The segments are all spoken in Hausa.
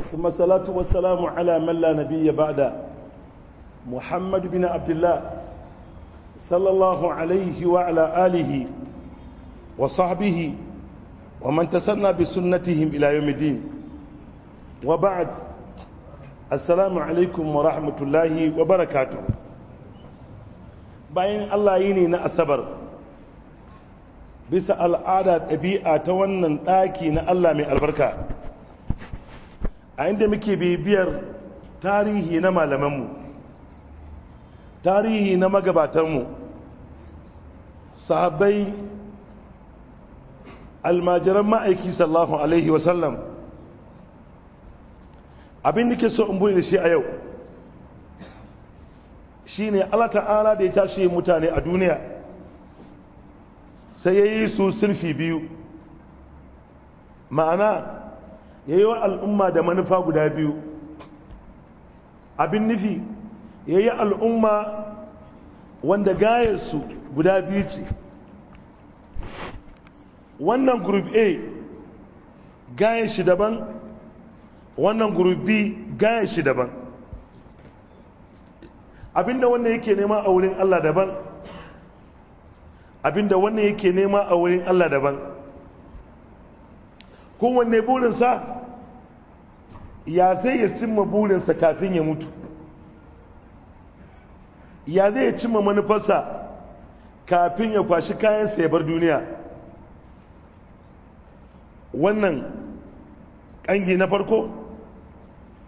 ثم الصلاة والسلام على من لا نبي بعد محمد بن عبد الله صلى الله عليه وعلى آله وصحبه ومن تسنى بسنتهم إلى يوم الدين وبعد السلام عليكم ورحمة الله وبركاته بين الله يني ne na asabar bisa أبي ɗabi'a ta wannan ɗaki na a inda muke bibiyar tarihi na malamanmu tarihi na magabatanmu sahabbai almajiran ma'aiki sallahu alaihi wasallam abin da ke so in buri da shi a yau shi ne Allah ta'ala da ya tashi mutane a duniya sai ya yi su sulfi biyu ma'ana ya yi wa al'umma da manufa guda biyu abin nufi ya yi al'umma wanda gayarsu guda biyu ce wannan group a gayar shi daban wannan group b gayar shi daban abinda wannan yake nema a wurin allah daban abinda wannan yake nema a wurin allah daban kowanne burinsa ya zai ya cimma burinsa kafin ya mutu ya zai ya cimma manufarsa kafin ya kwashi kayansa ya bar duniya wannan ƙangi na farko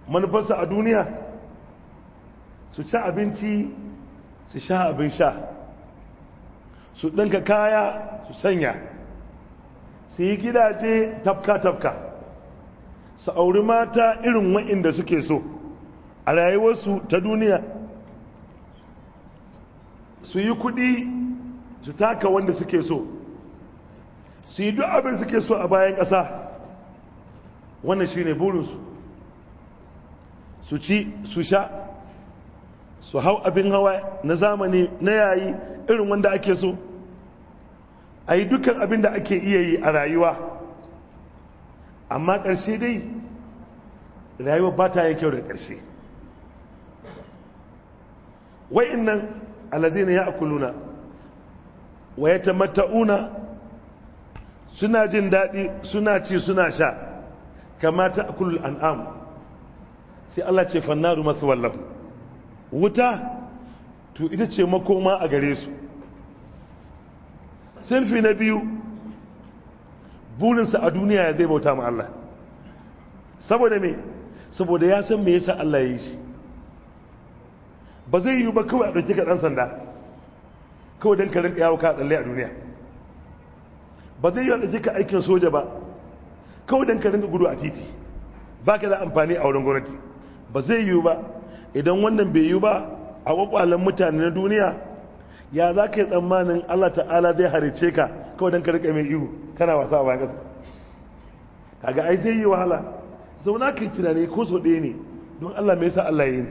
manufarsa a duniya su ci abinci su sha abin sha su ɗinka kaya su sanya su yi gidaje tafka-tafka su auri mata irin wa'inda suke so a rayuwarsu ta duniya su yi kudi su taka wanda suke so su yi duk abin suke so a bayan ƙasa wannan shi ne burinsu su ci su sha su hau abin hawa na zamani na yayi irin wanda ake so a yi dukkan abin da ake iya yi a rayuwa amma ƙarshe dai rayuwa ba ta yi kyau da ƙarshe nan alazina ya akuluna wa ya tamatta'una suna jin daɗi suna ci suna sha kama ta akulul an'am sai Allah ce fannaru masu wallafa. wuta to ita ce makoma a gare su sinfi na biyu burinsa a duniya ya zai bauta ma Allah saboda me saboda ya san me yasa Allah ya yi shi ba zai yi ba kawai a ɗauki ka ɗan sanda kawai don karin yawo ka tsalle a duniya ba zai yi a ɗauki ka aikin soja ba kawai don karin gudu a titi ba ka da amfani a wurin gwamnati ba zai yi ba idan wannan bai yi ba a kwakwalen mutane na duniya ya za ka yi tsammanin Allah ta'ala zai harice ka kawai don ka rika mai ihu kana wasa a bayan ƙasa kaga ai zai yi wahala sau na kai tunani ko so ɗaya ne don Allah mai sa Allah ya yi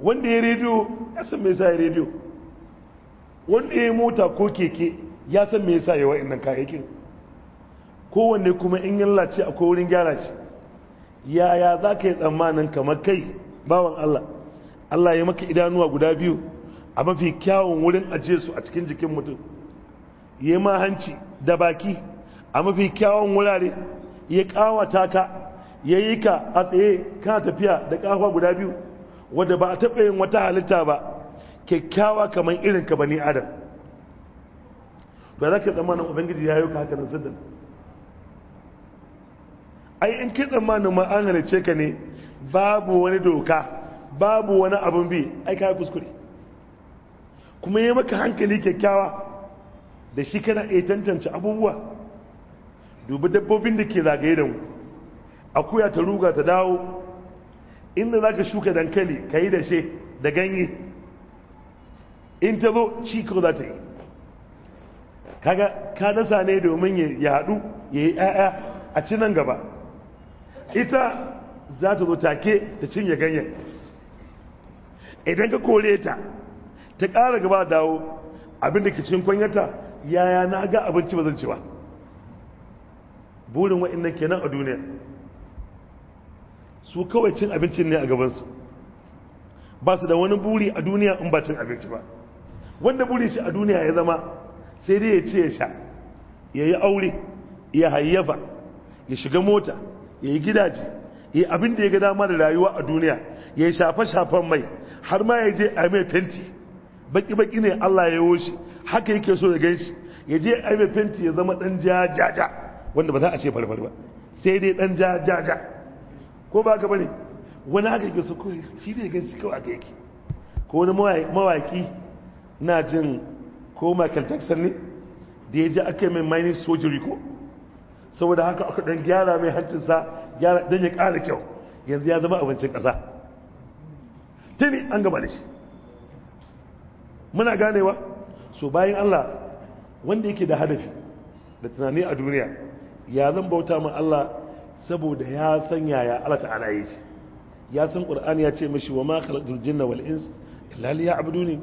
wanda ya rediyo ya san mai sa ya rediyo wanda ya yi mota ko keke ya san mai sa ya wa'in nan kayayyakin kowanne kuma in yin lace a wurin gyara shi yaya za ka yi tsammanin kamar kai bawan Allah Allah ya maka idanuwa guda biyu a mafi kyawun wurin ajiye su a cikin jikin mutum ya ma hanci da baki a mafi kyawun wurare ya kawata ka ya yi ka a tsaye kana tafiya da kafa guda biyu wadda ba a taɓa yin wata halitta ba kyakkyawa kamar irin ka bani adam ba za ka tsammanin ubangiji ya yi ka haka nan ai in ki tsammanin ma an ka ne babu wani doka babu wani abin bi ai ka yi kuskure kuma ya maka hankali kyakkyawa da shi kana iya tantance abubuwa dubi dabbobin da ke zagaye da mu akuya ta ruga ta dawo inda za ka shuka dankali ka yi da she da ganye in ta zo ciko za ta yi kaga ka dasa ne domin ya haɗu ya yi ‘ya'ya a cinan gaba ita za ta zo take ta cinye ganyen idan ka kore ta ta ƙara gaba dawo abin da ke cikin kwanyata yaya na ga abinci ba zan ci ba burin wa'annan kenan a duniya su kawai cin abincin ne a gabansu ba su da wani buri a duniya in ba cin abinci ba wanda buri shi a duniya ya zama sai dai ya ce ya sha ya yi aure ya hayyafa ya shiga mota ya yi gidaje ya abin da ya ga dama da rayuwa a duniya ya yi shafe-shafen mai har ma ya je a mai fenti baki baki ne Allah ya yi shi haka yake so ya ganshi ya je ai fenti ya zama dan jajaja wanda ba za a ce farfar ba sai dai dan jajaja ko ba ka bane wani haka yake so ko shi ne ganshi kawai aka yake ko wani mawaki na jin ko Michael Jackson ne da ya ji aka mai mining surgery ko saboda haka aka dan gyara mai hancinsa gyara dan ya ƙara kyau yanzu ya zama abincin ƙasa tuni an gaba da shi muna ganewa so bayan Allah wanda yake da hadafi da tunani a duniya ya zan bauta ma Allah saboda ya san yaya Allah ta'ala yi shi ya san Qur'ani ya ce mishi wa ma khalaqul jinna wal ins illa liya'buduni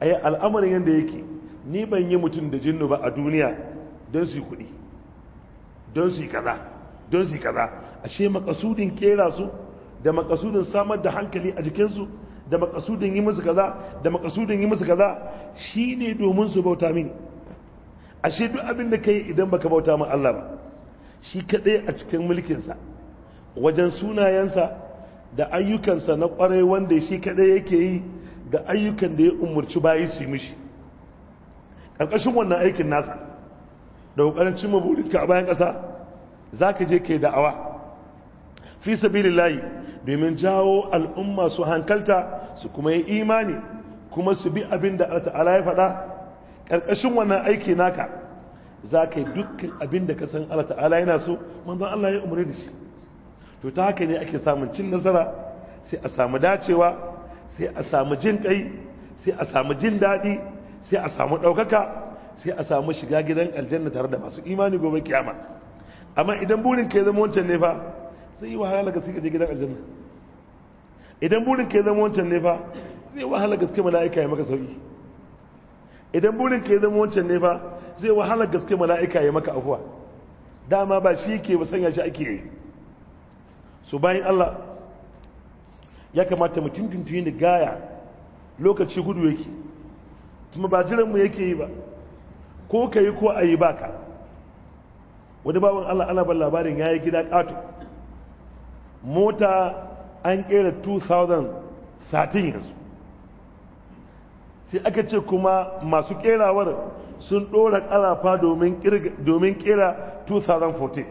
ay al'amarin yanda yake ni ban yi mutum da jinnu ba a duniya don su kuɗi don su kaza don su kaza ashe makasudin kera su da makasudin samar da hankali a jikinsu da makasudin yi musu kaza da makasudin yi musu kaza shine domin su bauta mini ashe duk abin da kai idan baka bauta mu Allah ba shi kadai a cikin mulkin sa. wajen sunayensa da ayyukan sa na kwarai wanda shi kadai yake yi da ayyukan da ya umurci bayi su yi mishi karkashin wannan aikin nasa da kokarin cimma burinka a bayan kasa zaka je kai da'awa fi sabilillahi domin jawo al'umma su hankalta su kuma yi imani kuma su bi abin da Allah ta'ala ya faɗa ƙarƙashin wannan aiki naka za ka yi dukkan abin da ka san Allah ta'ala yana so manzon Allah ya umarni da shi to ta haka ne ake samun cin nasara sai a samu dacewa sai a samu jin kai sai a samu jin daɗi sai a samu ɗaukaka sai a samu shiga gidan aljanna tare da masu imani gobe kiyama amma idan burin ka ya zama wancan ne fa sai yi wahala ga sai ka gidan aljanna idan burin ka ya zama wancan ne fa zai wahala gaske mala'ika ya maka sauki idan burin ka ya zama wancan ne fa zai wahala gaske mala'ika ya maka afuwa dama ba shi ke ba sanya shi ake yi su bayan Allah ya kamata mutum tuntuni da gaya lokaci gudu yake kuma ba jiranmu yake yi ba ko ka yi ko a yi baka wani bawan Allah ana ban labarin ya yi gida ƙato mota an kera 2013 yanzu sai aka ce kuma masu kerawar sun dora karafa domin kera 2014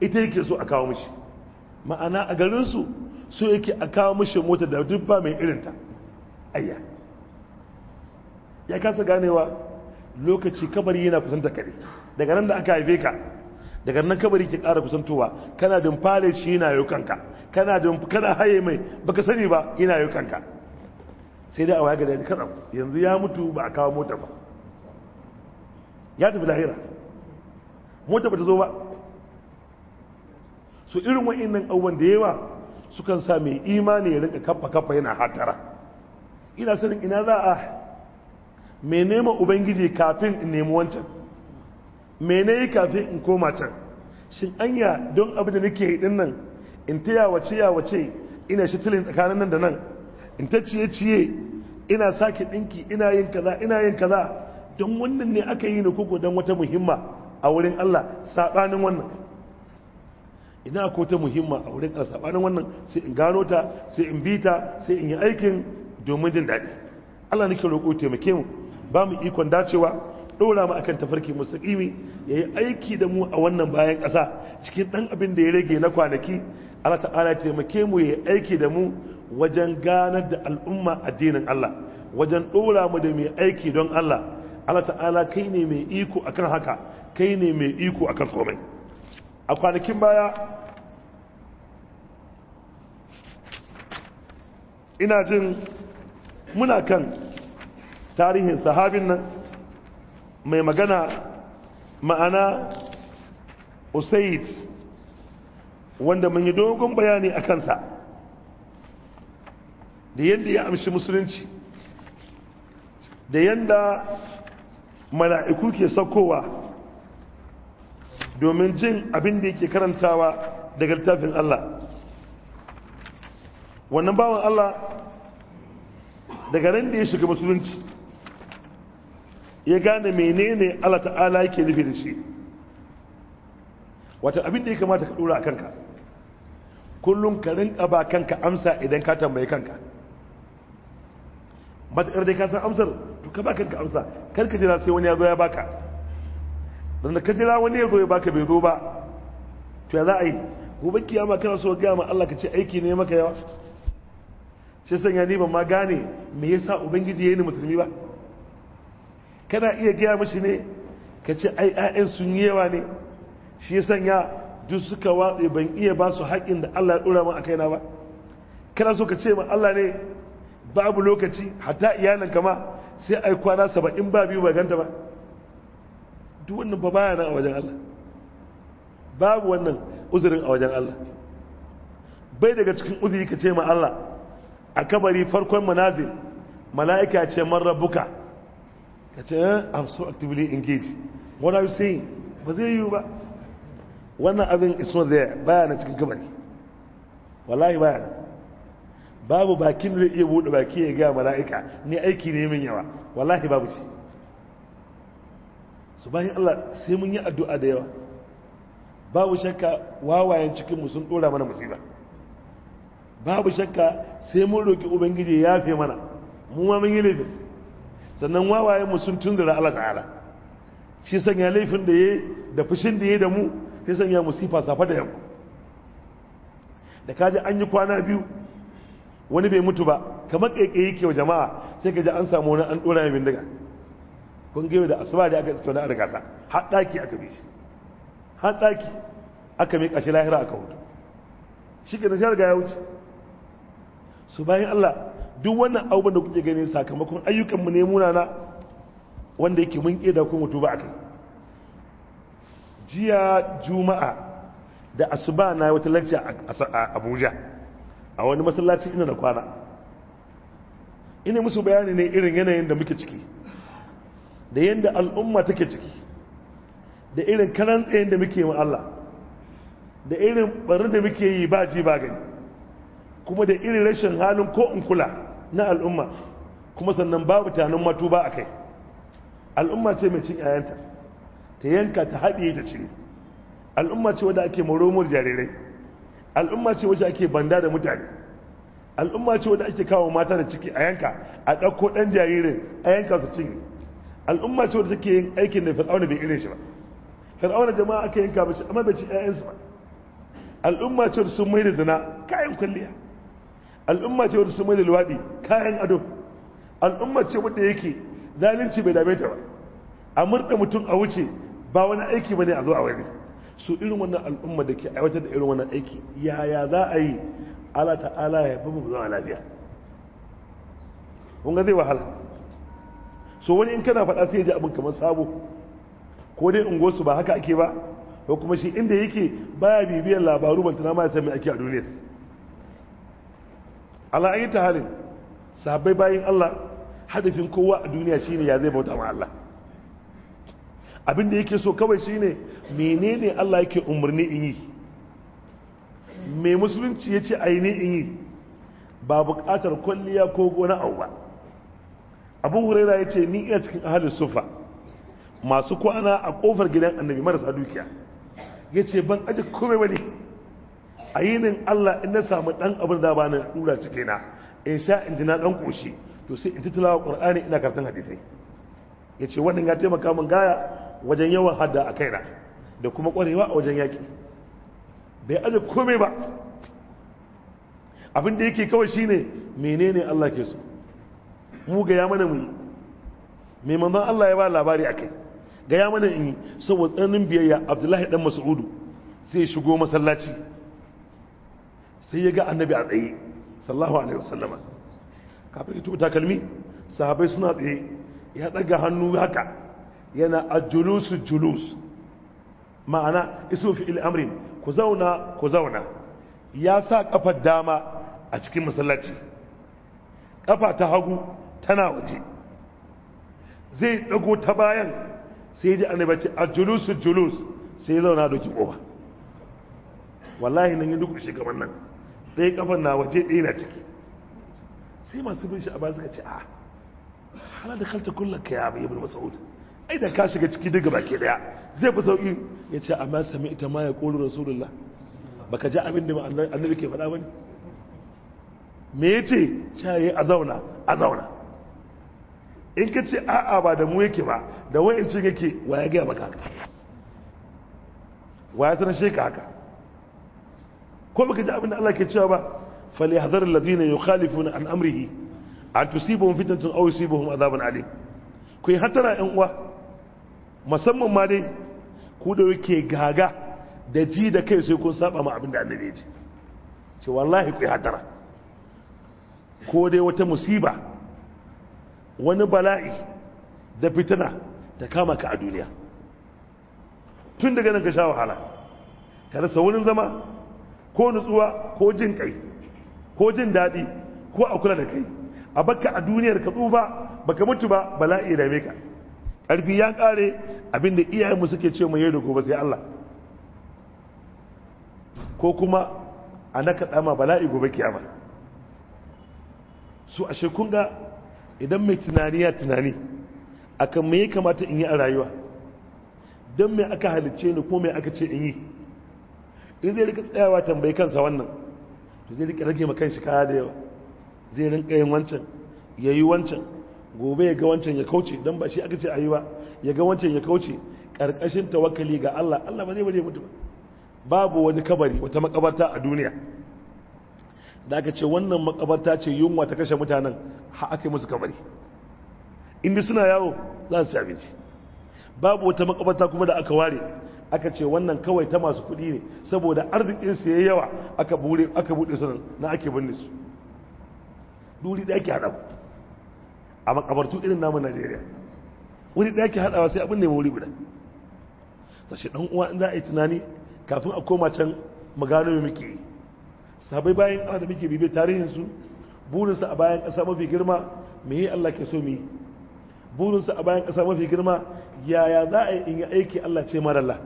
ita yake so a kawo mishi ma'ana a garinsu so yake a kawo mishi mota da dubba mai irinta ayya ya kasa ganewa lokaci kabari yana kusanta kare daga nan da aka haife ka daga nan kabari ke ƙara kusantowa kana da fale shi yana yau kanka kana kana haye mai baka sani ba yana yau kanka sai dai a waya gada kana yanzu ya mutu ba a kawo mota ba ya tafi lahira mota ba ta zo ba su irin wa'annan abubuwan da yawa sukan sa mai imani ya rinka kafa kafa yana hatara ina sanin ina za a mai nema ubangiji kafin in nemi wancan Mene yi kafin in koma can shin anya don abin da nake yi din nan in ta yawace yawace ina tilin tsakanin nan da nan in ta ciye ciye ina sake dinki ina yin kaza ina yin kaza don wannan ne aka yi ni koko don wata muhimma a wurin Allah sabanin wannan ina ko ta muhimma a wurin Allah sabanin wannan sai in gano ta sai in bi ta sai in yi aikin domin jin daɗi Allah nake roƙo taimake mu ba mu ikon dacewa ɗora mu akan tafarki ya yi aiki da mu a wannan bayan ƙasa cikin ɗan abin da ya rage na kwanaki Allah ta'ala taimake mu ya yi aiki da mu wajen ganar da al'umma addinin Allah wajen ɗora mu da mai aiki don Allah Allah ta'ala kai ne mai iko akan haka kai ne mai iko akan komai a kwanakin baya ina jin muna kan tarihin sahabin nan mai magana ma'ana usaid wanda mun yi dogon bayani a kansa da yadda ya amshi musulunci da yadda mala'iku ke saukowa domin jin abin da yake karantawa daga littafin Allah wannan bawan Allah daga ran da ya shiga musulunci ya gane menene Allah ta'ala yake nufi da shi wata abin da ya kamata ka dora a kanka kullum ka rinka ba kanka amsa idan ka tambaye kanka matakar dai ka san amsar to ka ba kanka amsa kar ka jira sai wani ya zo ya baka don da ka jira wani ya zo ya baka bai zo ba to ya za a yi gobe kiyama kana so ga ma Allah ka ce aiki ne maka yawa sai sanya ni ban ma gane me yasa ubangiji yi ni musulmi ba kana iya gaya mashi ne ka ce ai 'ya'yan sun yi yawa ne shi ya sanya duk suka watsa ban iya ba su haƙin da Allah ya ɗora mu a kaina ba kana so ka ce ma Allah ne babu lokaci hatta iyalin kama sai ai kwana saba'in ba biyu ba ganta ba duk wannan ba baya nan a wajen Allah babu wannan uzurin a wajen Allah bai daga cikin uzuri ka ce ma Allah a kabari farkon manazil mala'ika ce man rabbuka ka eh, i'm so actively engaged what are you saying ba zai yi ba wannan abin is not there baya na cikin kabari wallahi baya na babu bakin zai iya bude baki ya ga mala'ika ni aiki ne min yawa wallahi babu ce su bayan Allah sai mun yi addu'a da yawa babu shakka wawayen cikinmu sun ɗora mana musiba babu shakka sai mun roƙi ubangiji ya fi mana mu ma mun yi laifin sannan wawaye mu sun tunzura Allah ta'ala shi sanya laifin da yi da fushin da yi da mu sai sanya musifa safa da yamma da kaji an yi kwana biyu wani bai mutu ba kamar keke yake wa jama'a sai kaji an samu wani an dora mai bindiga kun gaiwa da asuba da aka tsaka wani argasa har daki aka bi shi har daki aka miƙa shi lahira aka hutu shi ke na shi ya wuce su bayan Allah duk wannan abubuwan da kuke ganin sakamakon ayyukanmu ne munana wanda yake mun ƙeda ku mutu ba a kai jiya juma'a da asuba na wata lacca a abuja a wani masallaci ina da kwana ina musu bayani ne irin yanayin da muke ciki da yadda al'umma take ciki da irin karan tsayin da muke yi Allah da irin barin da muke yi ba ji ba gani kuma da irin rashin halin ko in kula na al'umma kuma sannan babu tanin ba a kai al'umma ce mai cin yayanta ta yanka ta haɗe da cin al'umma ce wadda ake maromar jarirai al'umma ce wadda ake banda da mutane al'umma ce wadda ake kawo mata da ciki a yanka a ɗauko ɗan jaririn a yanka su cinye al'umma ce wadda take yin aikin da fir'auna bai irin shi ba fir'auna jama'a aka yanka ba shi amma bai ci 'ya'yansu ba al'umma ce wadda sun mai da zina kayan kwalliya al'umma ce wadda su mai da luwaɗi kayan ado al'umma ce wadda yake zalunci bai dame ta ba a murɗa mutum a wuce ba wani aiki ba ne a zo a wani su irin wannan al'umma da ke aiwatar da irin wannan aiki yaya za a yi ala ta'ala ya fi mu zama lafiya kun ga zai wahala so wani in kana faɗa sai ya ji abin kamar sabo ko dai unguwarsu ba haka ake ba ko kuma shi inda yake baya bibiyar labaru ban tana ma ya san me ake a duniyar Allah ayi ta halin sahabbai bayan Allah hadafin kowa a duniya shine ya zai bauta ma Allah abin da yake so kawai shine menene Allah yake umarni in yi mai musulunci yace ayi ne in yi ba buƙatar kwalliya ko gona au ba abu huraira yace ni iya cikin ahalin sufa masu kwana a kofar gidan annabi marasa dukiya yace ban aje komai bane a Allah in na samu ɗan abin da ba na dura cike na in sha in ji na ɗan koshi to sai in titila qur'ani ina kartan hadisai Ya ce wannan ya taimaka min gaya wajen yawan hadda a kaina da kuma kwarewa a wajen yaki bai aje komai ba abin da yake kawai shine menene Allah ke so mu ga ya mana mu yi mai manzon Allah ya ba labari akai ga ya mana in yi saboda tsananin biyayya Abdullahi dan Mas'udu sai shigo masallaci sai ya ga annabi a tsaye sallahu alaihi wasallama kafin ya tuba takalmi sahabai suna tsaye ya daga hannu haka yana julusu julus ma'ana isu fi amrin ku zauna ku zauna ya sa kafar dama a cikin masallaci kafa ta hagu tana waje zai dago ta bayan sai ji annabi ce julusu julus sai zauna doki koba wallahi nan yi duk shi gaban nan ɗaya kafan na waje ɗaya na ciki sai masu bin shi a baya suka ce a ah, hana da kalta kullum ka yabi ibn mas'ud ai da ka shiga ciki daga baki daya zai fi sauki ya ce amma sami ita ma ya kolu rasulullah baka ji abin da annabi ke faɗa bane me ya ce caye a zauna a zauna in ka ce a'a ba da mu yake ba da wayancin yake wa ya gaya maka haka wa ya sanar shi haka ko baka ji abin da Allah ke cewa ba falyahdhar alladhina yukhalifuna an amrihi a tusibuhum fitnatun aw yusibuhum adhaban alim ku yi hatara yan uwa musamman ma dai ku da yake gaga da ji da kai sai kun saba ma abin da Allah ya ji ce wallahi ku yi hatara ko dai wata musiba wani bala'i da fitina ta kama ka a duniya tun daga nan ka sha wahala ka rasa wurin zama ko nutsuwa ko jin kai ko jin daɗi ko a kula da kai a baka a duniyar ka tsufa baka mutu ba bala'i da ka ƙarfi ya ƙare abinda iyayen iyayenmu suke ce mai yadda gobe sai Allah ko kuma a naka dama bala'i gobe kiyama su ashe kun ga idan mai tunani ya tunani akan me ya kamata in yi a rayuwa don me aka halicce ni ko me aka ce in yi in zai rika tsayawa tambayi kansa wannan to zai rika rage makan shi kaya da yawa zai rinka yin wancan ya yi wancan gobe ya ga wancan ya kauce don ba shi aka ce a yi ba ya ga wancan ya kauce ƙarƙashin tawakali ga Allah Allah ba zai bari mutu ba babu wani kabari wata makabarta a duniya da aka ce wannan makabarta ce yunwa ta kashe mutanen ha aka yi musu kabari inda suna yawo za su ci abinci babu wata makabarta kuma da aka ware aka ce wannan kawai ta masu kuɗi ne saboda arzikin su yayi yawa aka bure aka bude su na ake binne su duri da ake hada a makabartu irin namu Najeriya wuri da ake hadawa sai abin ne wuri guda shi dan uwa in za a yi tunani kafin a koma can mu gano muke sabai bayan Allah da muke bibe tarihinsu burinsa a bayan ƙasa mafi girma me yi Allah ke so mu yi burinsa a bayan kasa mafi girma yaya za a yi in yi aiki Allah ce marala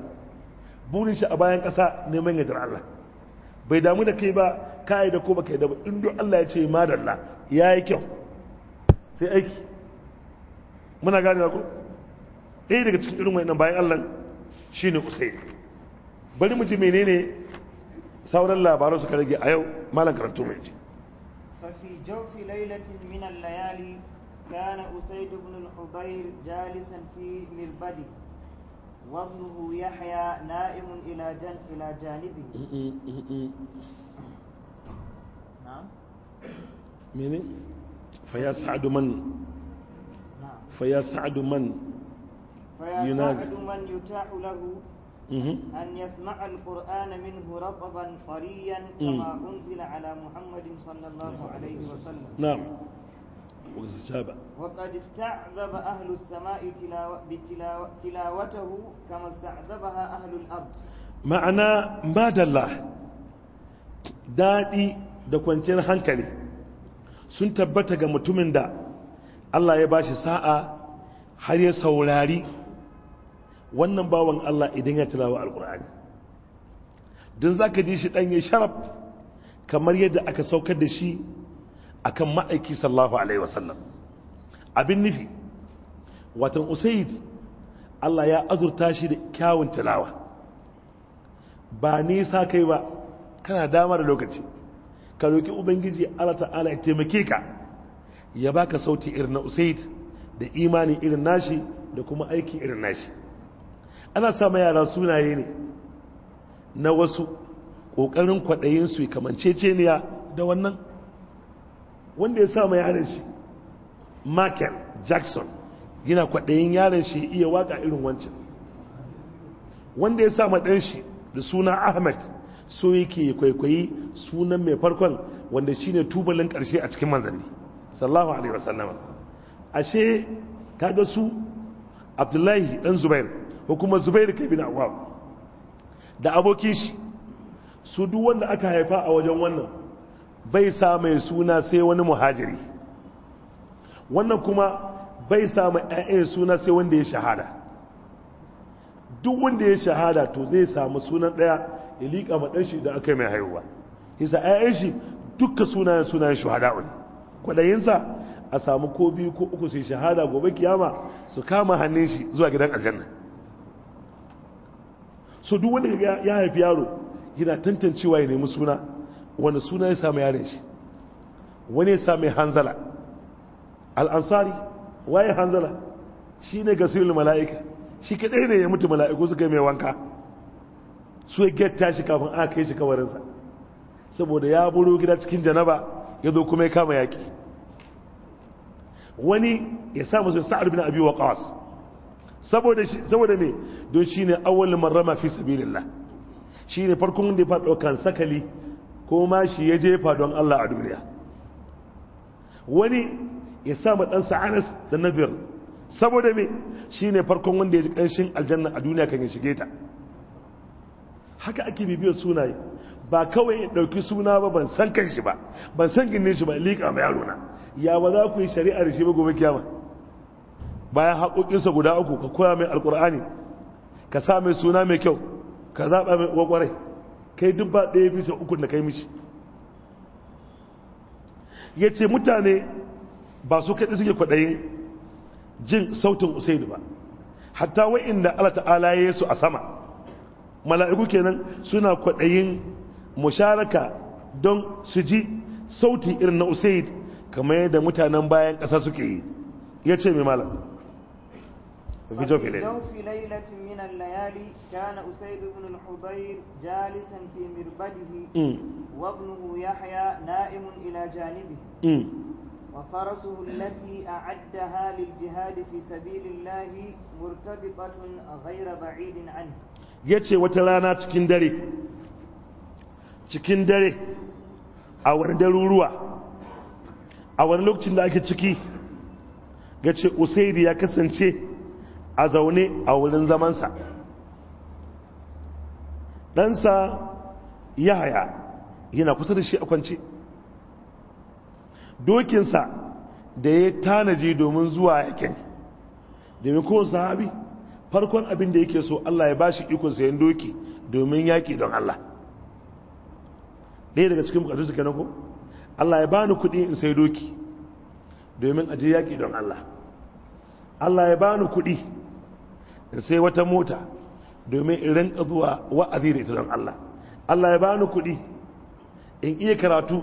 burin shi a bayan ƙasa neman yadda Allah bai damu da kai ba ka da ko kai da ba in duk Allah ya ce ma da Allah ya yi kyau sai aiki muna gane ku ɗaya daga cikin irin wannan bayan Allah shi ne Usaid bari mu ji menene sauran labaran su rage a yau malam karatu mai ji ففي جوف ليلة من الليالي كان أسيد بن الحضير جالسا في مربده وابنه يحيى نائم إلى جن إلى جانبه نعم مين فيسعد من نعم فيسعد من فيسعد من يتاح له أن يسمع القرآن منه رطبا طريا كما أنزل على محمد صلى الله عليه وسلم نعم واستجابة وقد استعذب أهل السماء تلاو... بتلاو... تلاوته daɗi da kwanciyar hankali sun tabbata ga mutumin da Allah ya bashi sa'a har ya saurari wannan bawan Allah idan ya tilawa alkur'ani don za ka ji shi ɗanye sharaf kamar yadda aka saukar da shi akan ma'aiki sallallahu alaihi wasallam abin nufi watan usaid Allah ya azurta shi da kyawun tilawa ba nisa kai ba kana dama da lokaci ka roki ubangiji Allah ta'ala ya taimake ka ya baka sauti irin na usaid da imani irin nashi da kuma aiki irin nashi ana sama yara sunaye ne na wasu ƙoƙarin su kamanceceniya da wannan wanda ya sa yaren shi michael jackson yana kwaɗayin yaren shi iya waka irin wancan wanda ya sa ɗan shi da suna ahmed so yake kwaikwayi sunan mai farkon wanda shi ne tubalin ƙarshe a cikin manzanni sallahu alaihi wasallama ashe kaga su abdullahi ɗan zubair ko kuma zubair bin awwab da abokin shi su duk wanda aka haifa a wajen wannan bai sa mai suna sai wani muhajiri wannan kuma bai sa mai ƴaƴan suna sai wanda ya shahada duk wanda ya shahada to zai samu sunan ɗaya ya liƙa maɗanshi da aka mai haihuwa isa ɗaya shi dukkan sunayen sunayen shahada wani kwaɗayinsa a samu ko biyu ko uku sai shahada gobe kiyama su kama hannun shi zuwa gidan aljanna so duk wanda ya haifi yaro yana tantancewa ya nemi suna wani suna ya sami yare shi wani ya sami hanzala al'ansari waye hanzala shi ne gasirin mala'ika shi kaɗai ne ya mutu mala'iku suka mai wanka su ya tashi shi kafin a kai shi kawarinsa saboda ya buru gida cikin janaba ya zo kuma ya kama yaƙi wani ya samu sai sa'ad bin abi waqas saboda saboda me don shine awwal marrama fi shi ne farkon da ya faɗo kan sakali ko ma shi ya jefa don Allah a duniya wani ya sa ma ɗansa anas da nazir saboda me shi ne farkon wanda ya ji ƙanshin aljanna a duniya kan ya shige ta haka ake bibiyar sunaye ba kawai ya ɗauki suna ba ban san kan shi ba ban san gini shi ba liƙa ma yaro ya ba za ku yi shari'ar shi ba gobe kiyama bayan haƙoƙinsa guda uku ka koya mai alƙur'ani ka sa mai suna mai kyau ka zaɓa mai ƙwaƙwarai kai duk ba ɗaya bisa ukun da kai mishi ya ce mutane ba su kaɗi suke kwaɗayin jin sautin usaidu ba hatta inda Allah ta'ala ya su a sama mala'iku kenan suna kwaɗayin musharaka don su ji sauti irin na usaid kamar yadda mutanen bayan ƙasa suke yi ya ce mai malam Fito filai. Fito filai latin jalisan fi mirbadihi, na'imun ila janibi. Wa farasuhu allati a'addaha lil jihad fi sabilillahi murtabitatun ghayra ba'idin an. Yace wata rana cikin dare. Cikin dare a wani daruruwa. A wani lokacin da ake ciki. Yace Usaid ya kasance a zaune a wurin zamansa ɗansa yahaya yana kusa da shi a kwance dokinsa da ya tanaji domin zuwa yakin domin kowane sahabi farkon abin da yake so Allah ya bashi ikon sayan doki domin yaƙi don Allah ɗaya daga cikin bukatu suke nako Allah ya bani kuɗi in sai doki domin aje yaki don Allah Allah ya bani kuɗi in sai wata mota domin in zuwa wa'azi da ita don Allah Allah ya bani kuɗi in iya karatu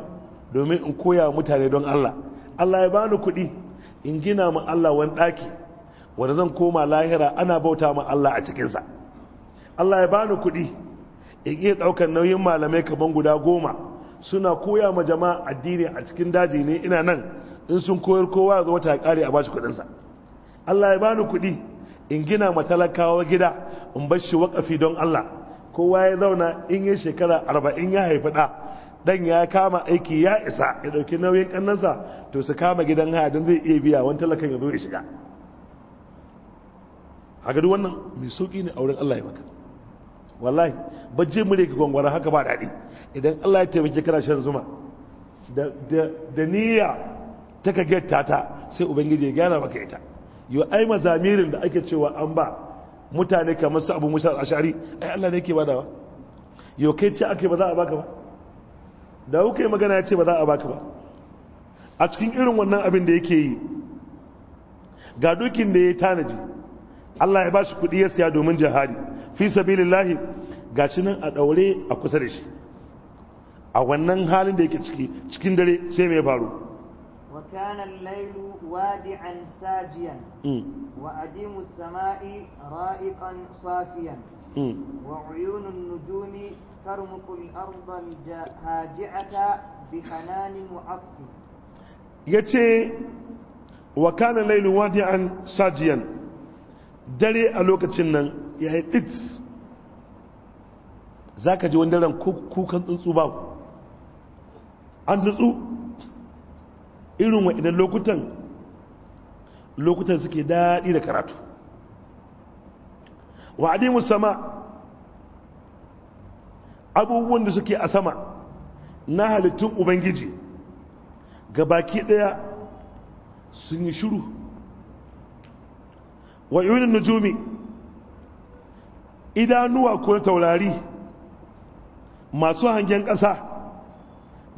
domin in koya mutane don Allah Allah ya bani kuɗi in gina ma Allah wani ɗaki wanda zan koma lahira ana bauta ma Allah a cikinsa Allah ya bani kuɗi in iya ɗaukar nauyin malamai kaman guda goma suna koya ma jama'a addini a cikin daji ne ina nan in sun koyar kowa ya zo wata ƙari a bashi kuɗinsa Allah ya bani kuɗi in gina matalakawa gida in bar shi wakafi don Allah kowa ya zauna in yi shekara arba'in ya haifi ɗa dan ya kama aiki ya isa ya ɗauki nauyin ƙannansa to su kama gidan haya don zai iya biya wani talakan ya zo ya shiga a gadi wannan mai sauƙi ne auren Allah ya maka wallahi ba je mure ki gwangwara haka ba daɗi idan Allah ya taimake kana shan zuma da niyya ta ka getta ta sai ubangiji ya gyara maka ita yau ai mazamirin da ake cewa an ba mutane kamar su abu musa ashari ai Allah ne yake badawa yau kai ce ake ba za a baka ba da kuka magana ya ce ba za a baka ba a cikin irin wannan abin da yake yi ga dukin da ya tanaji Allah ya ba shi kuɗi ya siya domin jihadi fi ga shi nan a daure a kusa da shi a wannan halin da yake ciki cikin dare sai mai faru كان الليل وادعا ساجيا وأديم السماء رائقا صافيا وعيون النجوم ترمق الأرض الهاجعة بحنان معطف يتي وكان الليل وادعا ساجيا dare a lokacin nan ya yi ɗit za ka ji wani daren kukan tsuntsu ba an tsuntsu irin wa idan lokutan lokutan suke daɗi da karatu wa adimu sama abubuwan da suke a sama na halittun ubangiji ga baki ɗaya sun yi shuru wa yunin nujumi idanuwa ko taurari masu hangen ƙasa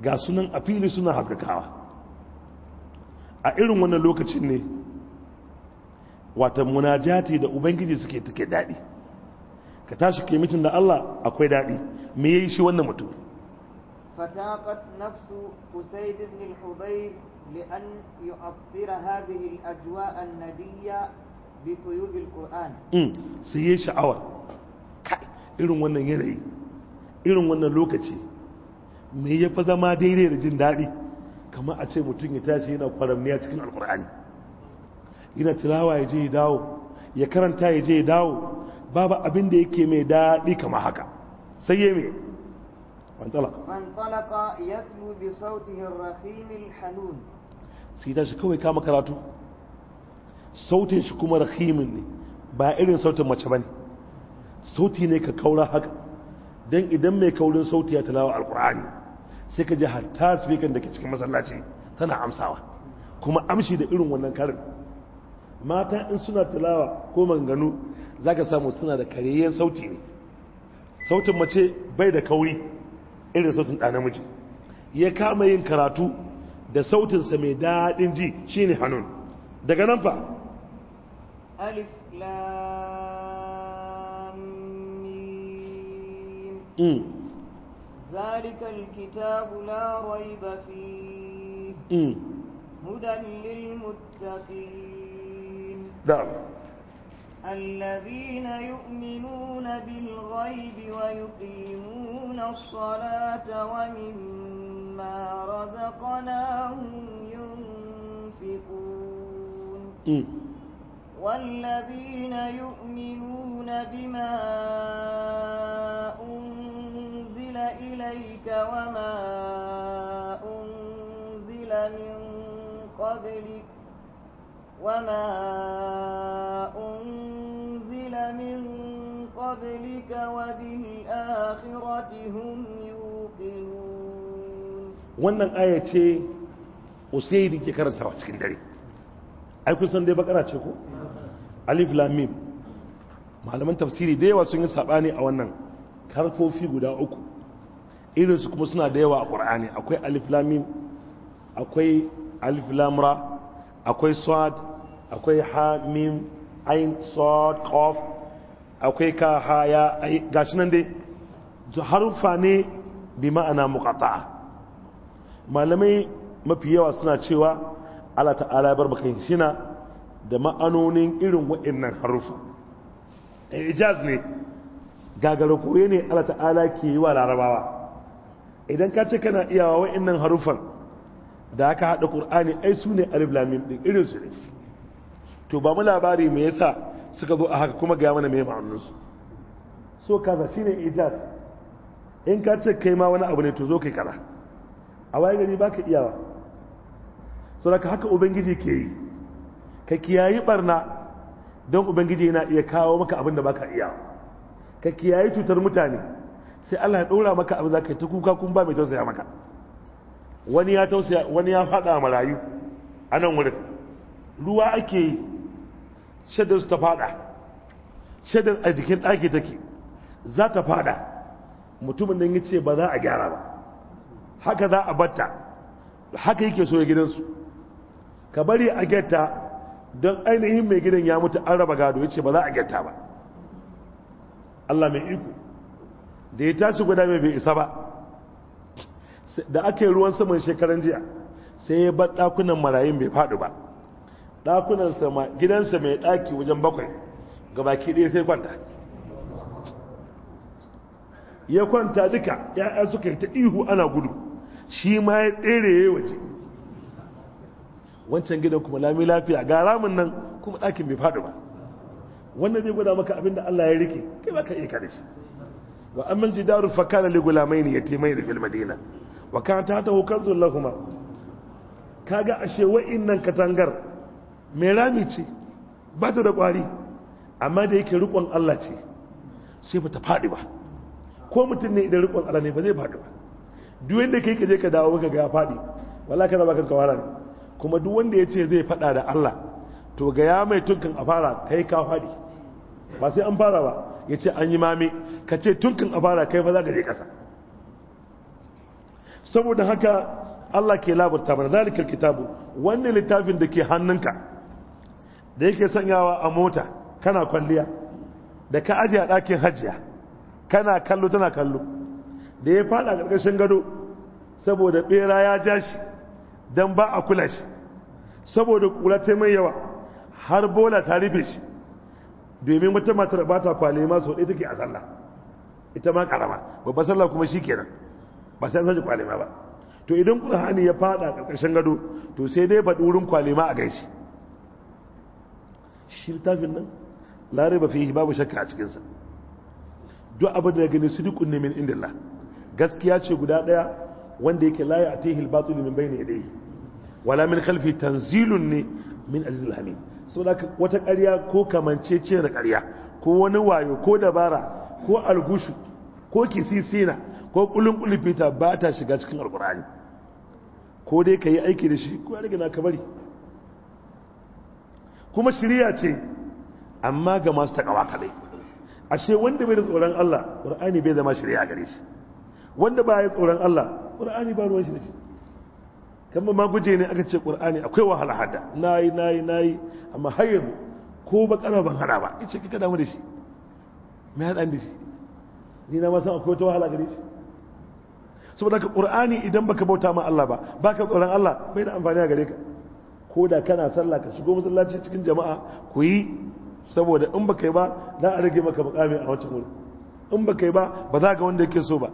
ga sunan a fili suna haskakawa a irin wannan lokacin ne wata munajati da ubangiji suke take daɗi ka tashi kai mitin da Allah akwai daɗi me yayi shi wannan mutum fataqat nafsu usayd ibn al-hudayr لأن يؤثر هذه الأجواء الندية Sai القرآن سيئي شعور irin wannan yanayi irin wannan lokaci me ya fa zama daidai da jin daɗi kamar a ce mutum ya tashi yana kwaramniya cikin alkur'ani yana tilawa ya je ya dawo ya karanta ya je ya dawo babu abin da yake mai daɗi kamar haka sai ya mai fantalaka fantalaka ya tulu bi sautihin rahimin hanun sai tashi kawai kama karatu sautin shi kuma rahimin ne ba irin sautin mace ba ne sauti ne ka kaura haka don idan mai kaurin sauti ya tilawa alkur'ani sai ka ji hatta speaker da ke cikin masallaci tana amsawa kuma amshi da irin wannan karin mata in suna tilawa ko manganu za ka samu suna da kareyyen sauti ne sautin mace bai da kauri irin sautin ɗa namiji ya kama yin karatu da sautinsa mai daɗin ji shi ne hannun daga nan fa alif ذلك الكتاب لا ريب فيه إيه. هدى للمتقين نعم الذين يؤمنون بالغيب ويقيمون الصلاة ومما رزقناهم ينفقون إيه. والذين يؤمنون بما إليك وما أنزل من قبلك وما wannan aya ce usaidi ke karantawa cikin dare ai kun san dai bakara ce ko alif lam malaman tafsiri da yawa sun yi sabani a wannan karfofi guda uku irinsu kuma suna da yawa a ƙur'ani akwai alif lamin akwai alif akwai swad akwai hamim ayin swad kof akwai ka haya ga shi nan dai harufa ne bi ma'ana mukata malamai mafi yawa suna cewa ala ta'ala bar maka shina da ma'anonin irin nan harufa eh, ijaz ne gagara koye ne Allah ta'ala ke yi wa larabawa idan ka ce kana iyawa wa'annan harufan da aka haɗa ƙur'ani ai su ne alif lamim ɗin irin su ne to ba mu labari me yasa suka zo a haka kuma ga mana me ma'anin so kaza ne ijaz in ka ce kai ma wani abu ne to zo kai kara a waye gari baka iyawa so da haka ubangiji ke yi ka kiyayi barna don ubangiji yana iya kawo maka abin da baka iyawa ka kiyayi cutar mutane sai Allah ya ɗaura maka abu za ta kuka kun ba mai tausaya maka wani ya tausaya wani ya marayu anan nan wurin ruwa ake yi shaddar su ta faɗa shaddar a jikin ɗaki take za ta faɗa mutumin nan ya ba za a gyara ba haka za a batta haka yake so ya gidansu ka bari a getta don ainihin mai gidan ya mutu an raba gado ya ce ba za a getta ba Allah mai iko da ya tashi guda mai bai isa ba da aka yi ruwan saman shekaran jiya sai ya bar ɗakunan marayun bai faɗi ba ɗakunansa ma gidansa mai ɗaki wajen bakwai gabaki ɗaya sai kwanta ya kwanta duka ya'ya suka yi ta ihu ana gudu shi ma ya tsere ya waje wancan gidan kuma lami lafiya ga ramin nan kuma ɗakin bai faɗi ba wannan zai gwada maka abinda Allah ya rike kai ba iya kare shi wa amma jidaru fa kana li gulamaini yatimaini fil madina wa kana tahtahu kanzun lahum kaga ashe wa'innan katangar mai rami ce ba ta da kwari amma da yake rukon Allah ce sai ba ta faɗi ba ko mutum ne idan rukon Allah ne ba zai faɗi ba duk wanda kai ka je ka dawo ka ga ya faɗi wallahi kana baka kawara ne kuma duk wanda ya ce zai fada da Allah to ga ya mai tunkan a fara kai ka faɗi ba sai an fara ba ya ce an yi mame ka ce tunkin a fara kai ba za ka je ƙasa saboda haka Allah ke labarta mana zalikar kitabu wannan littafin da ke hannunka da yake sanyawa a mota kana kwalliya da ka ajiye a ɗakin hajiya kana kallo tana kallo da ya fada ƙarƙashin gado saboda ɓera ya ja shi don ba a kula shi saboda ƙura ta mai yawa har bola ta rufe shi domin wata matar ba ta kwale masu sau ɗaya take a sallah ita ma karama babba sallah kuma shi kenan ba sai an sanya kwalema ba to idan kurhani ya fada karkashin gado to sai dai faɗi wurin kwalema a gaishe shi littafin nan lare ba fi babu shakka a cikinsa duk abin da ya gani sidikun ne min indillah gaskiya ce guda ɗaya wanda yake layi a tehil batul min bayni yadayhi wala min khalfi tanzilun ne min azizul hamid so da wata ƙarya ko kamance ce da ƙarya ko wani wayo ko dabara ko algushu ko kisisina ko kulun kulufita ba ta shiga cikin alkurani ko dai ka yi aiki da shi ko ya na ka bari kuma shirya ce amma ga masu takawa kadai ashe wanda bai da tsoron Allah ƙur'ani bai zama shirya gare shi wanda ba ya tsoron Allah ƙur'ani ba ruwan shi da shi kan ma guje ne aka ce qur'ani akwai wahala hada nayi nayi nayi amma har yanzu ko ba kana ban hada ba yace kika damu da shi me hada da shi ni na ma san akwai wata wahala gare shi saboda ka qur'ani idan baka bauta ma Allah ba baka tsoron Allah bai da amfani a gare ka ko da kana sallah ka shigo masallaci cikin jama'a ku yi saboda in baka yi ba za a rage maka mukami a wancan wurin in baka yi ba ba za ga wanda yake so ba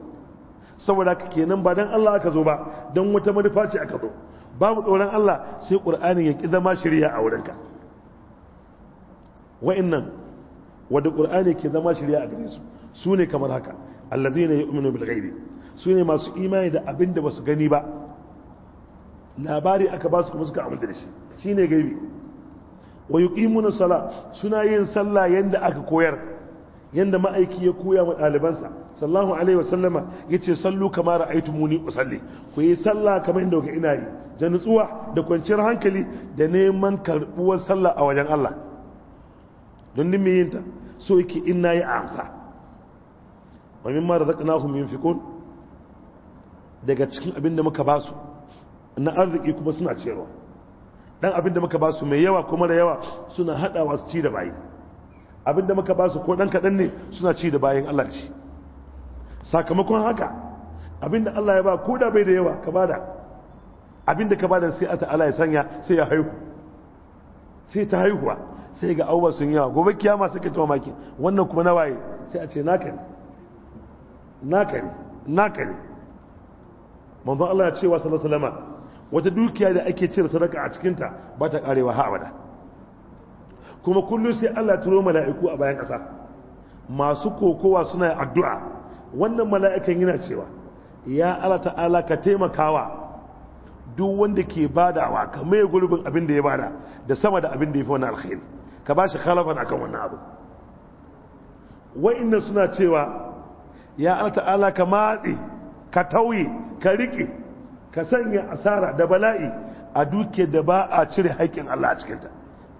saboda haka kenan ba don Allah aka zo ba don wata manufa ce aka zo babu tsoron Allah sai Qur'ani ya ƙi zama shirya a wurinka wa'annan wadda ƙur'ani ke zama shirya a gare su su ne kamar haka allazina yu'minu bil ghaibi su ne masu imani da abin da su gani ba labari aka ba su kuma suka amince da shi shine gaibi wa yuqimuna sala suna yin sallah yanda aka koyar yanda ma'aiki ya koya wa ɗalibansa sallallahu alaihi wasallama yace sallu kama ra'aytumuni usalli ku yi sallah kamar inda kuka ina yi da nutsuwa da kwanciyar hankali da neman karbuwar sallah a wajen Allah don din me yinta so yake in nayi a amsa wa mimma razaqnahum yunfiqun daga cikin abin da muka basu na arziki kuma suna ciyarwa dan abin da muka basu mai yawa kuma da yawa suna hadawa su ci da bayi abin da muka basu ko dan kadan ne suna ci da bayin Allah ci. sakamakon haka abinda Allah ya ba ko da bai da yawa ka bada abinda ka bada sai Allah ya sanya sai ya haihu sai ta haihuwa sai ga abubuwa sun yawa gobe kiyama suka ta maki. wannan kuma na waye sai a ce naka ne naka ne naka ne manzo Allah ya ce wa sallallahu alaihi wasallam wata dukiya da ake cire sadaka a cikin ta ba ta karewa ha abada kuma kullum sai Allah ya turo mala'iku a bayan ƙasa masu kokowa suna addu'a wannan mala'ikan yana cewa ya ala ta'ala ka taimakawa duk wanda ke badawa ka mai gurbin abin da ya bada da sama da abin da ya fi wani alkhairi ka ba shi khalafan akan wannan abu Wa'inna suna cewa ya ala ta'ala ka matse ka tauye ka riƙe ka sanya asara da bala'i a duke da ba a cire haƙƙin Allah a cikinta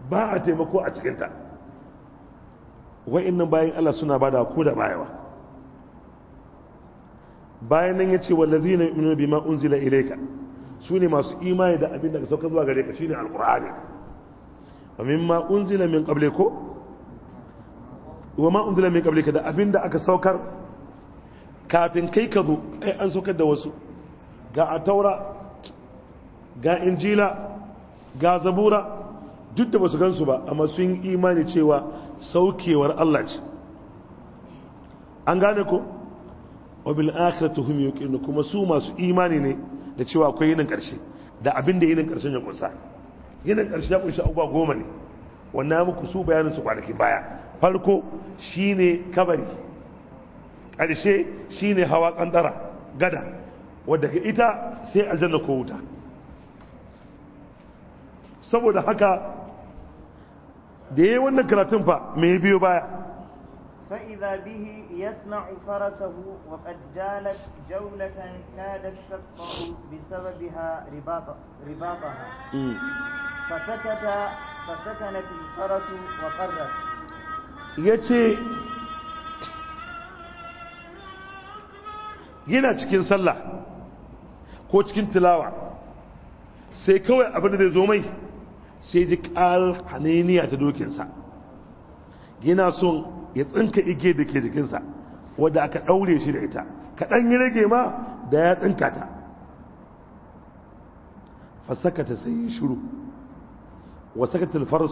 ba a taimako a cikinta wa'innan bayan Allah suna bada ko da bayawa bayan nan ya ce yace wallazina yu'minuna bima unzila su ne masu imani da abin da sauka zuwa gare ka shine alkur'ani wa mimma unzila min ko wa ma unzila min ka da abin da aka saukar kafin kai ka zo ai an saukar da wasu ga a taura ga injila ga zabura duk da basu gansu ba amma sun imani cewa saukewar Allah ce an gane ko wa bil akhirati hum yuqinu kuma su masu imani ne da cewa akwai yinin karshe da abin da yinin karshen ya kunsa yinin karshe ya kunsa abuwa goma ne wannan muku su bayanin su kwanaki baya farko shine kabari karshe shine hawa kandara gada wadda ga ita sai aljanna ko wuta saboda haka da yayi wannan karatun fa me biyo baya فإذا به يسمع فرسه وقد جالت جولة كادت تقطع بسببها رباط رباطها فسكت فسكنت الفرس وقرت يتي yana cikin sallah ko cikin tilawa sai kawai abin da zai zo mai sai ji ƙarar haniniya ta dokinsa yana son ya tsinka ige da ke jikinsa wadda aka ɗaure shi da ita kaɗan yi rage ma da ya tsinka ta fasaka ta sai yi shiru wasakatul fars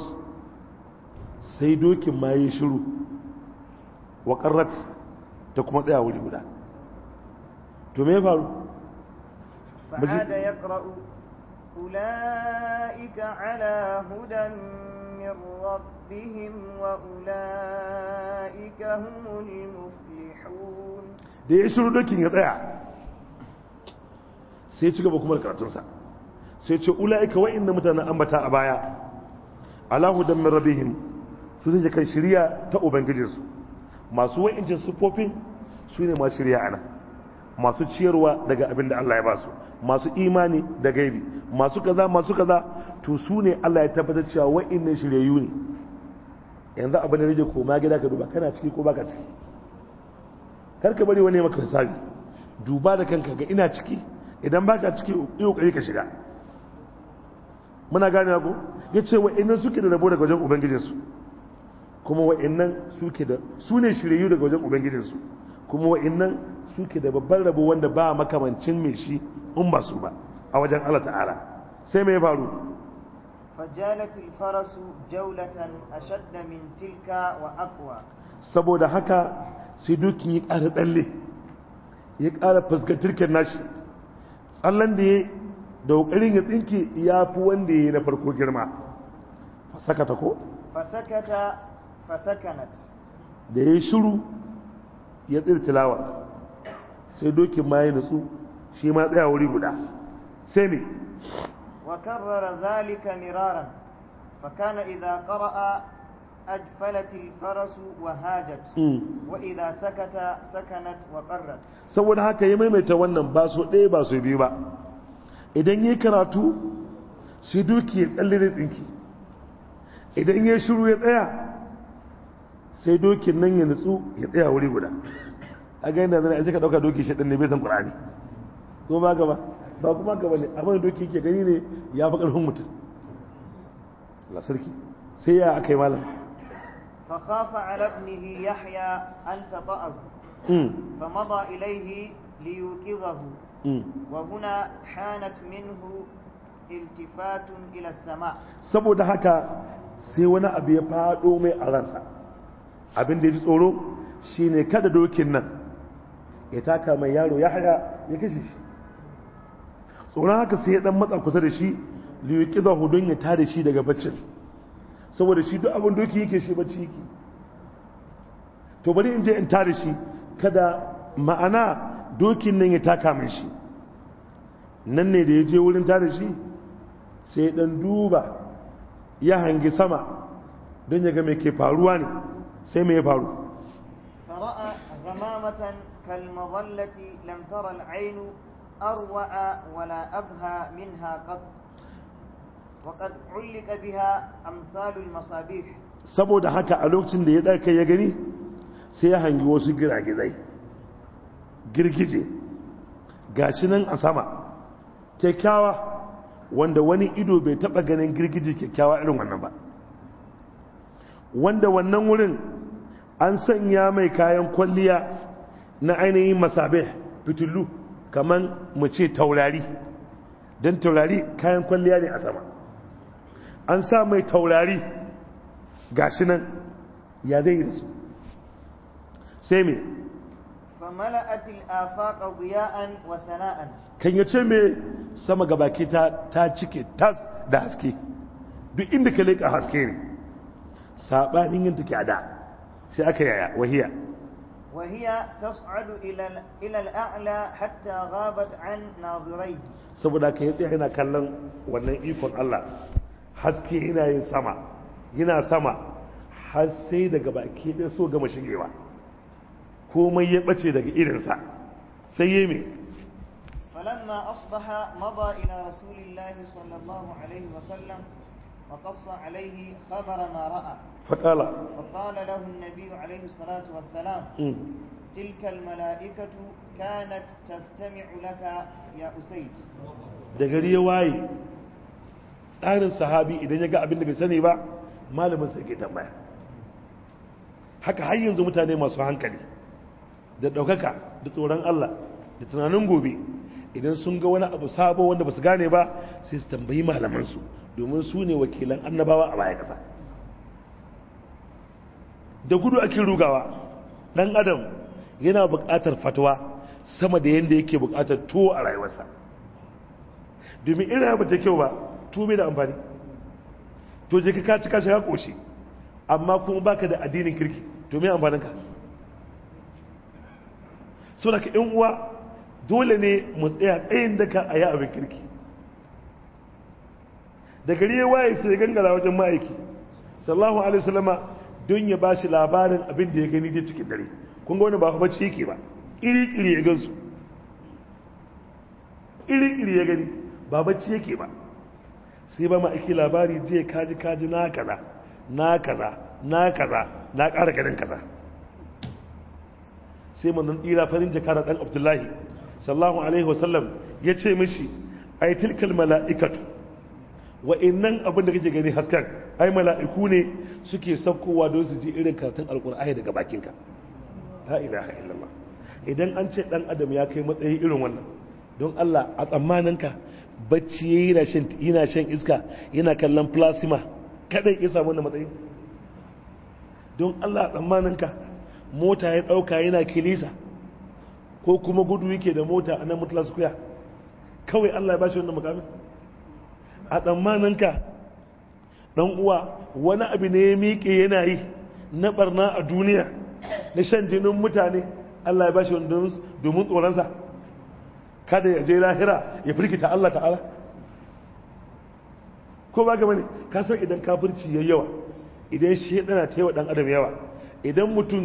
sai dokin ma yi shiru wa ƙarrat ta kuma tsaya wuri guda to me faru fa'ada ya ƙara'u ula'ika ala hudan من ربهم وأولئك هم المفلحون da ya shiru dokin ya tsaya sai ci gaba kuma da karatunsa sai ce ula'ika wa'in da mutanen ambata a baya alahu don min rabihim su zai kan shirya ta ubangijinsu masu wa'incin siffofin su ne masu shirya ana masu ciyarwa daga abin da allah ya basu, masu imani da gaibi masu kaza masu kaza to su ne Allah ya tabbatar cewa wa'annan shiryayyu ne yanzu abin da rage koma gida ka duba kana ciki ko baka ciki kar ka bari wani maka hisabi duba da kanka ga ina ciki idan baka ciki iyo kai ka shiga muna gane ku ce wa'annan suke da rabo daga wajen su kuma wa'annan suke da su ne shiryayyu daga wajen su kuma wa'annan suke da babban rabo wanda ba makamancin mai shi in ba su ba a wajen Allah ta'ala sai mai faru fajalat al-farasu jawlatan ashadda min wa aqwa saboda haka sai dukin ya ƙara tsalle ya ƙara fuskantar nashi tsallen da ya da ƙoƙarin ya tsinke ya fi wanda ya yi na farko girma fasakata ko? fasakata fasakanat da ya shiru ya tsir tilawa sai dokin ma ya nutsu shi ma tsaya guda sai وكرر ذلك مرارا فكان إذا قرأ أجفلت الفرس وهاجت وإذا سكت سكنت وقرت saboda haka ya maimaita wannan ba so ɗaya ba so biyu ba idan yi karatu sai doki ya tsalle da tsinki idan ya shiru ya tsaya sai dokin nan ya nutsu ya tsaya wuri guda a ga yadda zana a ka ɗauka doki shaɗin ne bai san ƙur'ani ko ba gaba ba kuma ga bane abin da doki ke gani ne ya fi ƙarfin mutum la sarki sai ya aka yi malam fa khafa ala ibnihi yahya an tabahu hmm. fa mada ilayhi liyukizahu hmm. wa huna hanat minhu iltifatun ila sama saboda haka sai wani abu ya fado mai a ransa abin da ya ji tsoro shine kada dokin nan ya taka mai yaro yahya ya kashe shi tsoron haka sai ya dan matsa kusa da shi liyoki za hudun ya tare shi daga baccin saboda shi duk abin doki yake shi bacci yake to bari in je in tare shi kada ma'ana dokin nan ya taka min shi nan ne da ya je wurin tare shi sai dan duba ya hangi sama don ya ga mai ke faruwa ne sai mai ya faru fara'a zamamatan kalmazallati lam tara al'ainu أروع ولا أبهى منها قط وقد علق بها أمثال المصابيح saboda haka a lokacin da ya ɗauka ya gani sai ya hangi wasu giragizai girgije gashi a sama kyakkyawa wanda wani ido bai taɓa ganin girgije kyakkyawa irin wannan ba wanda wannan wurin an sanya mai kayan kwalliya na ainihin masabe fitullu kamar mu ce taurari don taurari kayan kwalliya ne a sama an sa mai taurari Ga shi nan ya zai da su sai mai a faƙa diya'an wa sana'an kan ce me sama ga baki ta cike tas da haske duk inda ka leka haske ne sabanin yin take a da sai aka yaya wahiyar وهي تصعد إلى إلى الأعلى حتى غابت عن ناظريه saboda ka yace yana kallon wannan ikon Allah haske yana yin sama yana sama har sai daga baki da so gama shigewa komai ya bace daga irinsa sai yayi me falamma asbaha mada ila rasulillahi sallallahu alaihi wasallam فقص عليه خبر ما رأى فقال فقال له النبي عليه الصلاة والسلام تلك الملائكة كانت تستمع لك يا أسيد دقري واي tsarin sahabi idan ya ga abin da bai sani ba malamin sai ke tambaya haka har yanzu mutane masu hankali da ɗaukaka da tsoron Allah da tunanin gobe idan sun ga wani abu sabo wanda ba su gane ba sai su tambayi malamansu domin su ne wakilan annabawa a baya kasa da gudu ake rugawa ɗan adam yana buƙatar fatawa sama da yadda yake buƙatar tuwo a rayuwarsa domin irin ba ta kyau ba tuwo bai da amfani to je ka cika shi ya ƙoshi amma kuma baka da addinin kirki to mai amfanin ka sau da ka uwa dole ne mu tsaya tsayin daka a yi abin kirki da gari ya waye sai gangara wajen ma'aiki sallallahu alaihi wasallama don ya ba shi labarin abin da ya gani da cikin dare kun ga wani ba bacci yake ba iri iri ya gansu iri iri ya gani ba ba yake ba sai ba ma'aiki labari je kaji kaji na kaza na kaza na kaza na ƙara ganin kaza sai manzon tsira farin jakara dan abdullahi sallallahu alaihi wasallam ya ce mishi aitilkal mala'ikatu wa'annan abin da kake gani hasken ai mala'iku ne suke saukowa don su ji irin karatun alkur'ani daga bakinka la ilaha illallah idan an ce dan adam ya kai matsayi irin wannan don Allah a tsammaninka bacci yana shan yana shan iska yana kallon plasma kada ya samu wannan matsayi don Allah a tsammaninka mota ya dauka yana kilisa ko kuma gudu yake da mota a nan mutla square kawai Allah ya bashi wannan mukamin a tsammaninka ɗan uwa wani abu ne ya miƙe yanayi yi na ɓarna a duniya na shan jinin mutane Allah ya bashi domin tsoronsa kada ya je lahira ya firgita Allah ta'ala ko ba gama ne kasan idan kafirci ya yawa idan shi ɗana ta yawa ɗan adam yawa idan mutum